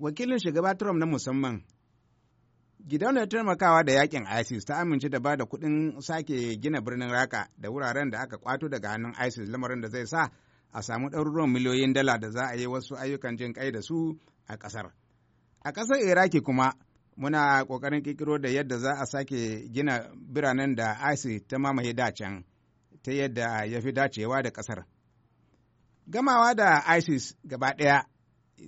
wakilin shugaba Trump na musamman. Gidauniyar taimakawa da yakin ISIS ta amince da ba da kuɗin sake gina birnin Raka da wuraren da aka kwato daga hannun ISIS lamarin da zai sa a samu ɗaruruwan miliyoyin dala da za a yi wasu ayyukan jin kai da su a ƙasar. A ƙasar Iraki kuma muna ƙoƙarin ƙirƙiro da yadda za a sake gina biranen da ISIS ta mamaye dacen ta yadda ya fi dacewa da ƙasar. Gamawa da ISIS gaba ɗaya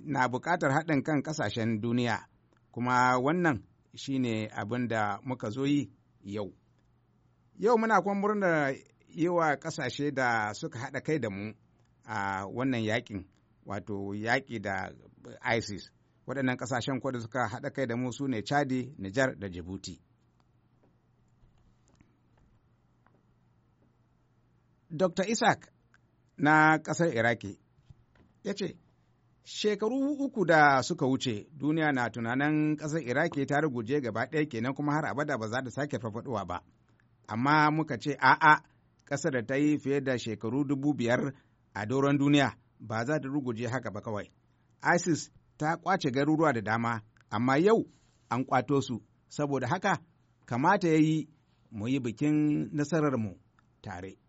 na bukatar haɗin kan ƙasashen duniya kuma wannan shine abin da muka zo yi yau yau muna kuma murnar yi wa ƙasashe da suka haɗa kai da mu a wannan yakin wato yaƙi da isis waɗannan ƙasashen kuwa suka haɗa kai da mu su ne chadi nijar da jibuti dr isaac na ƙasar iraki ya ce Shekaru uku da suka wuce, duniya na tunanin ƙasar Iraki ta ruguje gaba ɗaya kenan kuma har abada ba za ta sake farfaɗowa ba. Amma muka ce a'a ƙasar da ta yi fiye da shekaru dubu biyar a doron duniya ba za ta ruguje haka ba kawai. ISIS ta ƙwace garuruwa da dama, amma yau an kwato su, saboda haka kamata ya yi mu yi bikin nasararmu tare.